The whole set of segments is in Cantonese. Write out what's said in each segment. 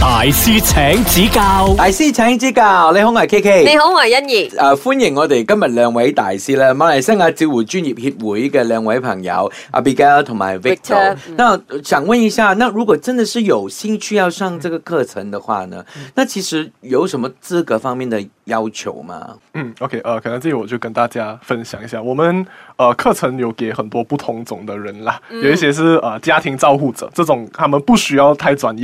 大師請指教，大師請指教。你好係 K K，你好係欣怡。誒，uh, 歡迎我哋今日兩位大師啦，咁馬來西亞照護專業協會嘅兩位朋友阿 Abigail 同埋 Victor、嗯。那想問一下，那如果真的是有興趣要上這個課程的話呢？嗯、那其實有什麼資格方面的要求嗎？嗯，OK，、呃、可能我就跟大家分享一下，我們、呃、課程有給很多不同種的人啦，嗯、有一些是誒、呃、家庭照護者，這種他們不需要太專業。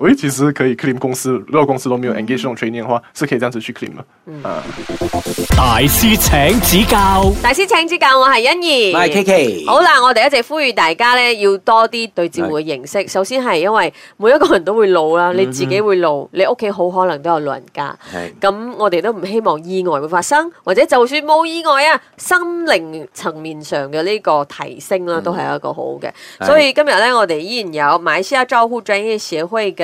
喂，其實可以 claim 公司，如果公司都沒有 engagement training 嘅話，是可以這樣子去 claim 嘅。嗯。呃、大師請指教，大師請指教，我係欣怡，我係 Kiki。好啦，我哋一直呼籲大家咧，要多啲對節目嘅認識。是的 首先係因為每一個人都會老啦，你自己會老，嗯嗯你屋企好可能都有老人家。係。咁我哋都唔希望意外會發生，或者就算冇意外啊，心靈層面上嘅呢個提升啦、啊，都係一個好嘅。嗯、所以今日咧，我哋依然有馬來西亞照顧專業協會嘅。